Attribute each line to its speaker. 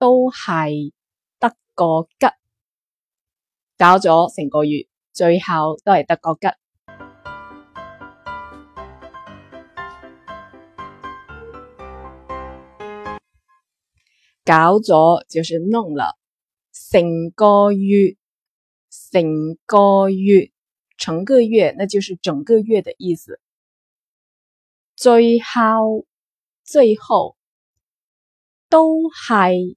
Speaker 1: 都係得個桔，搞咗成個月，最後都係得個桔。搞咗就是弄了，成個月，成個月，成個月，那就是整個月的意思。最後，最後都係。